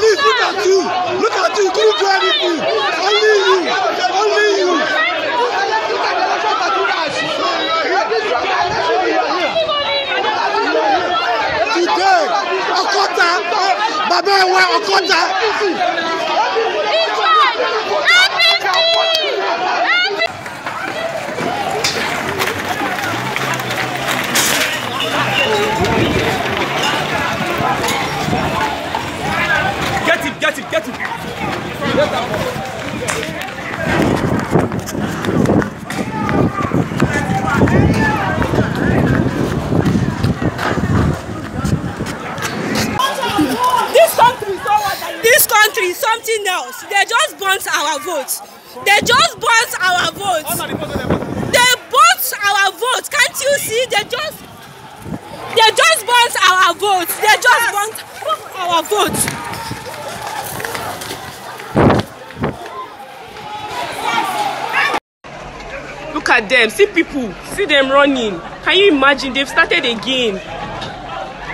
Police, look at you. Look at you. You do anything. Only you. Only you. Today, Okota, Baba, Okota. Get it, get it. Get that ball. country something else they just burnt our votes. they just burnt our votes. they burnt our votes. can't you see they just they just burnt our votes. they just burnt our votes. look at them see people see them running can you imagine they've started again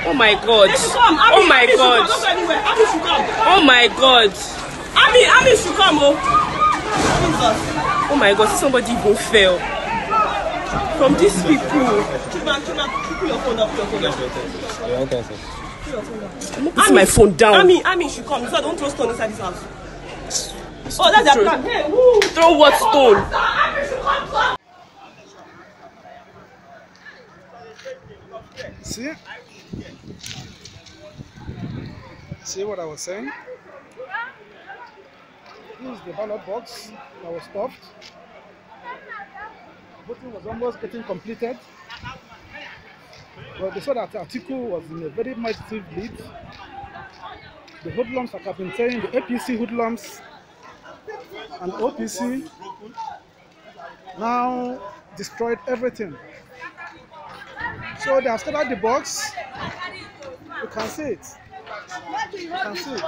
oh my god oh, oh my god oh my god Ami, Ami should come oh oh my god See somebody go fell from these people I'm my phone down. Ami, Ami should come. So I don't throw stone inside this house. Oh, that's a plan. Hey, Throw what stone? See? See what I was saying? This is the ballot box that was stuffed. Voting was almost getting completed. But they saw that Atiku was in a very massive lead. The hoodlums, like I've been saying, the APC hoodlums and OPC now destroyed everything. So they have started the box. You can see it. You can see it.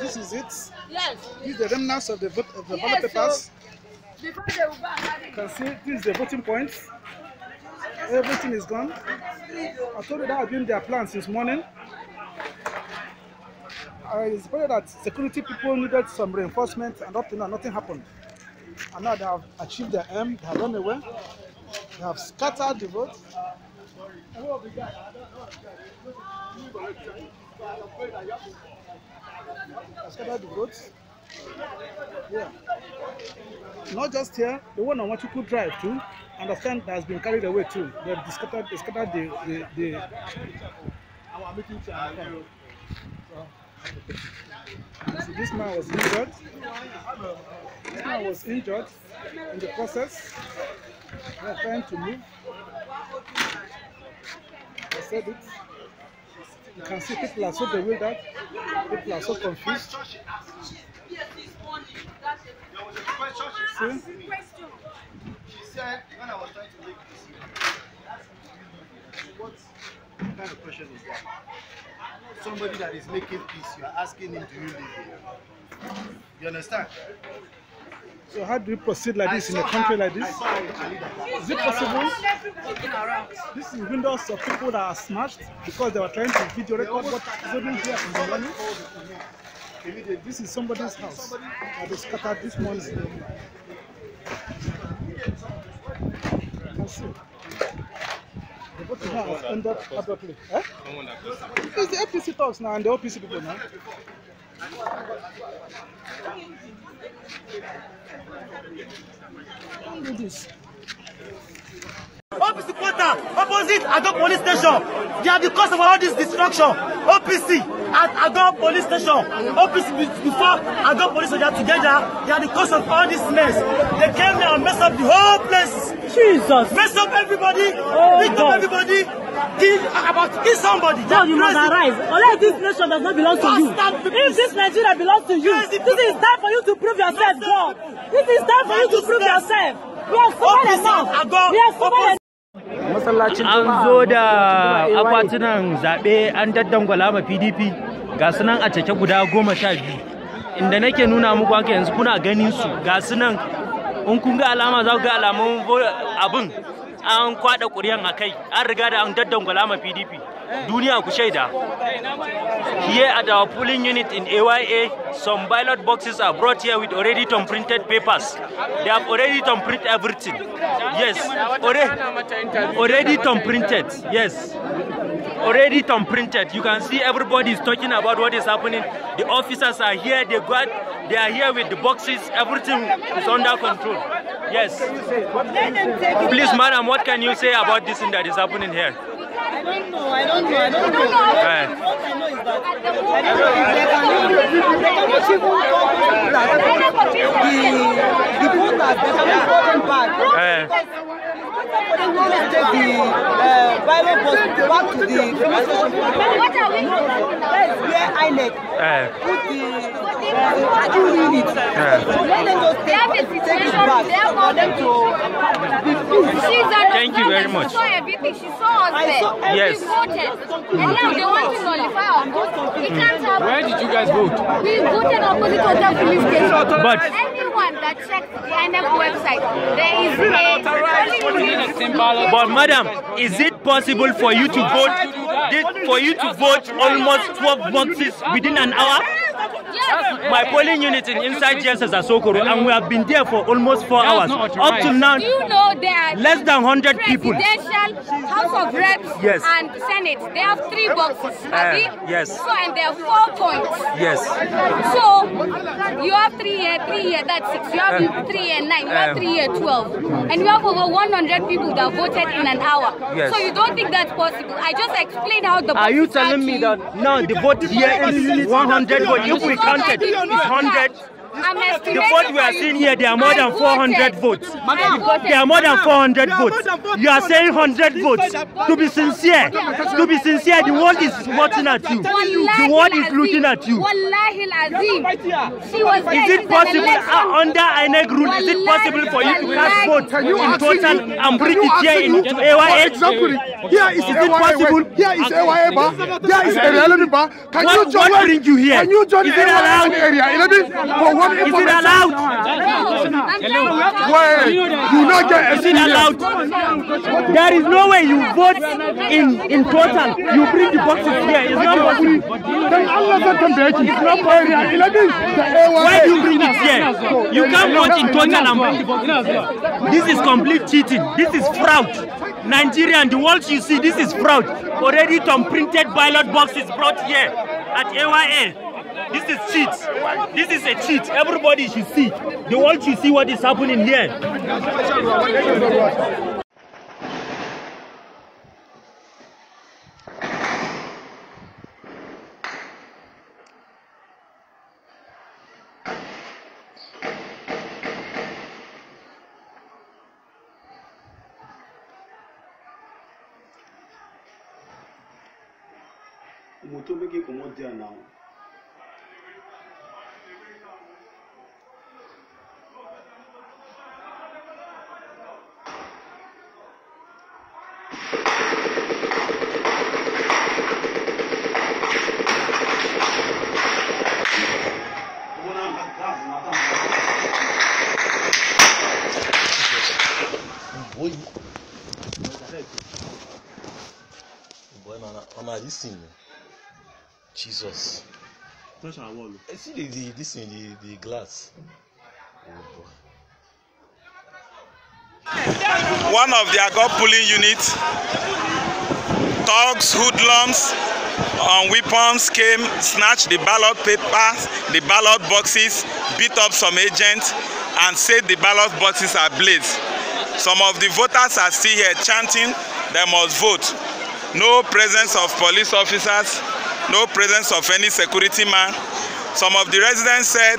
This is it. Yes. These are the remnants of the vote of the ballot papers. So you can see this is the voting point. Everything is gone. I told you that I've been their plan since morning. I reported that security people needed some reinforcement and up to now nothing happened. And now they have achieved their aim, they have run away. They have scattered the vote. Scattered the votes. Yeah. Not just here, the one on Wachuku Drive too, understand that has been carried away too. They have scattered, they scattered the, the, the... So this man was injured. This man was injured in the process. We are trying to move. I said it. You can see people are so bewildered, people are so confused. See? She said, when I was trying to make this what kind of question is that? Somebody that is making peace, you are asking him, to do this. You understand? So how do you proceed like this in a country like this? Is it possible? This is windows of people that are smashed because they were trying to video record what is happening here in the morning. This is somebody's house that is scattered this morning. You can see. The voting has ended abruptly. Eh? It's the APC talks now and the OPC people now. Don't do OPC quarter opposite Adon police station. They are the cause of all this destruction. OPC at Adon police station. OPC before Adon police station together. They are the cause of all this mess. They came here and messed up the whole place. Jesus. Messed up everybody. Oh, beat up everybody. kill about kill somebody. you must arise. Unless this nation does not belong to you. If this Nigeria belongs to you, this is time for you to prove yourself, God. This is time for you to prove yourself. We have enough. We have masallacin an zo da akwatunan zaɓe an daddangwala ma pdp ga su a guda goma sha biyu inda nake nuna muku haka yanzu kuna ganin su ga su in ga alama za an kwada ƙuri'an a kai an riga da an daddangwala ma pdp duniya ku shaida here at our polling unit in aya some ballot boxes are brought here with already tom printed papers they have already tom print everything yes already, already tom printed yes already tom printed you can see everybody is talking about what is happening the officers are here they got they are here with the boxes everything is under control Yes. Please, madam, what can you say about this thing that is happening here? I don't know. I don't know. I don't know. Right. What I know is that the voters, eh. they cannot vote them back. What are we? Yes, we are INEC. Eh. Put it. Thank you very much. yes. Where did you guys vote? We voted opposite police station. But anyone that the INEP website, there is a... But madam, is it possible for you to vote? for you to vote almost 12 months within an hour? My polling unit in inside Jesus Asokoro, and we have been there for almost four hours. Up to now, Do you know that less than 100 people. House of Reps yes. and Senate, they have three boxes, uh, Yes. So, and there are four points. Yes. So, you have three year, three year, that's six. You have uh, three year, nine. You uh, have three year, 12. And you have over 100 people that voted in an hour. Yes. So, you don't think that's possible. I just explained how the Are you telling me that now the vote here is 100 Hundred, hundred. The vote we are seeing here, there are more than 400 votes. There are more than 400 votes. You are saying 100 votes. To be sincere, to be sincere, the world is watching at you. The world is looking at you. Is it possible, uh, under INEC rule, is it possible for you to cast votes in total and bring it here in AYH? Here is, is it possible? Here is AYA bar. Here is a reality bar. Can what, you join? What bring you here? Can you join AYA area? 11 for what is it allowed? Where you not get Is it allowed? There is no way you vote in in total. You bring the boxes here. It's not possible. Then Allah said to me, it's not possible. Why do you bring it here? You can't vote in total and bring the boxes. This is complete cheating. This is fraud. Nigeria and the world you see, this is fraud. Already some printed ballot boxes brought here at AYL. This is cheat. This is a cheat. Everybody should see. They want to see what is happening here. Motor make you come out there now. na this thing jesus touch our wall. see the the this thing the the glass. Oh, boy. one of their gun pulling units thugs hoodlums on um, weapons came snatched the ballot papers the ballot boxes beat up some agents and said the ballot boxes are blades some of the voters are still here chanting they must vote no presence of police officers, no presence of any security man. Some of the residents said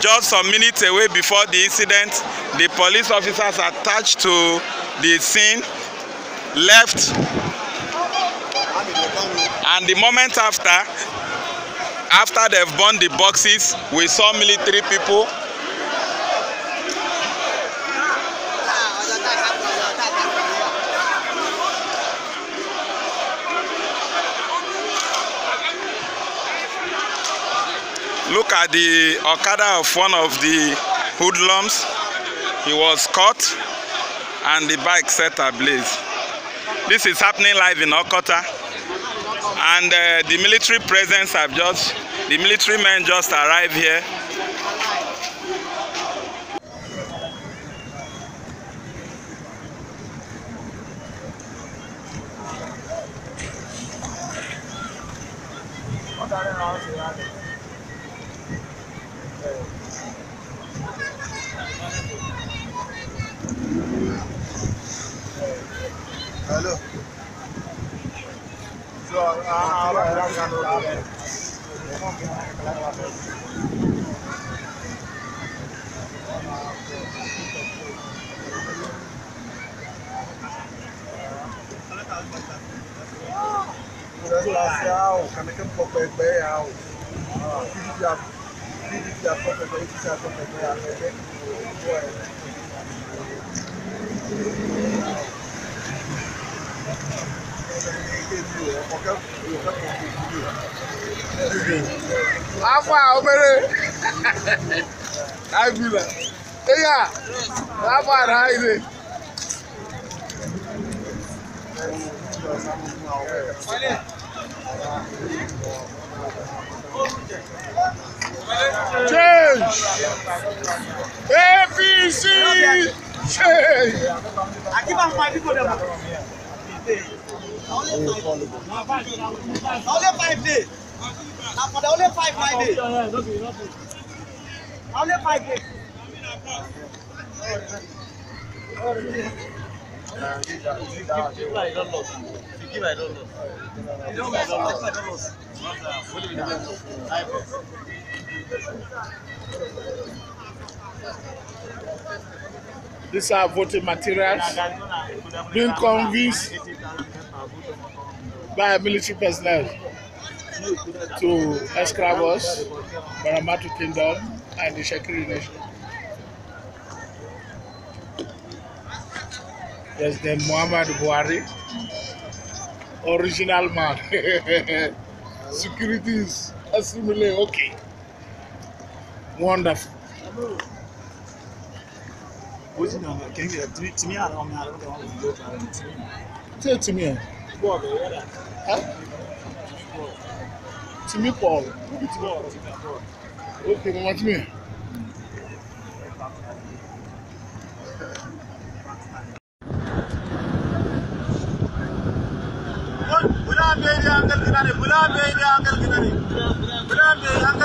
just some minutes away before the incident, the police officers attached to the scene left and the moment after after they've burned the boxes we saw military people look at the Okada of one of the hoodlums. He was caught and the bike set ablaze. This is happening live in Okota. And uh, the military presence have just, the military men just arrived here. Thank you. Hello. So, ah, uh, I'm going to Gracias, Cami que un poco de peo. Ah, ah, ah, ah pdp akọ́fẹ̀gbẹ́ apc akọ́fẹ̀gbẹ́ afẹ́fẹ́ ìwọ ẹ̀. afa obere agbila eya afa ara ire. Thank you change ABC. change. àkíbá fún àdìgbò dẹ̀ bọ̀. only five days na for the only five five days only five days. Give I don't know. I don't know. I don't know. These are voting materials being convinced by military personnel to Escravos, Baramatu Kingdom, and the Shekiri Nation. President Muhammad Buhari, original man. Securities, assimilate, okay. Wonderful. Say to me. To me, Paul. Okay, mama, to me. Bulan beri angkel kita ni, bulan beri angkel kita ni, bulan beri angkel.